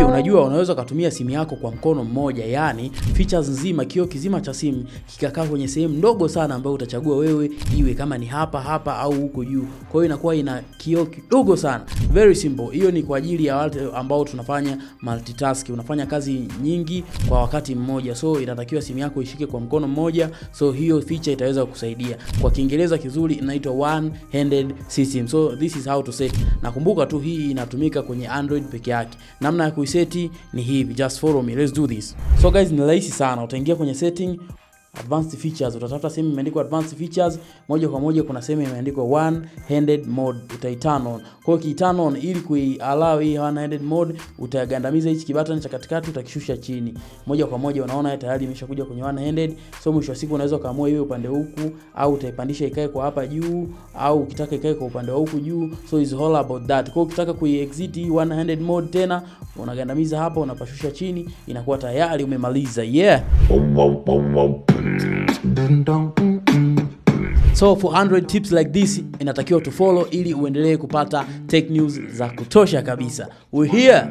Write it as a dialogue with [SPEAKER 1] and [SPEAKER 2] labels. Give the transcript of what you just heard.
[SPEAKER 1] Hivi unajua unaweza ukatumia simu yako kwa mkono mmoja, yani features nzima, kio kizima cha simu kikakaa kwenye sehemu ndogo sana ambayo utachagua wewe, iwe kama ni hapa hapa au huko juu. Kwa hiyo inakuwa ina kio kidogo sana, very simple. Hiyo ni kwa ajili ya watu ambao tunafanya multitask, unafanya kazi nyingi kwa wakati mmoja, so inatakiwa simu yako ishike kwa mkono mmoja, so hiyo feature itaweza kukusaidia. Kwa Kiingereza kizuri inaitwa one handed system, so this is how to set. Nakumbuka tu hii inatumika kwenye Android peke yake, namna ya kuiseti ni hivi, just follow me, let's do this. So guys, ni rahisi sana, utaingia kwenye setting advanced features, utatafuta sehemu imeandikwa advanced features, moja kwa moja kuna sehemu imeandikwa one handed mode, utaiturn on. Kwa hiyo kiturn on, ili kuiallow hii one handed mode, utagandamiza hichi kibatani cha katikati, utakishusha chini moja kwa moja, unaona tayari imeshakuja kwenye one handed. So mwisho wa siku unaweza kaamua iwe upande huku, au utaipandisha ikae kwa hapa juu, au ukitaka ikae kwa upande wa huku juu. So is all about that. Kwa hiyo ukitaka kuiexit hii one handed mode tena, unagandamiza hapa, unapashusha chini, inakuwa tayari umemaliza yeah. So for 100 tips like this inatakiwa to follow ili uendelee kupata tech news za kutosha kabisa. We here.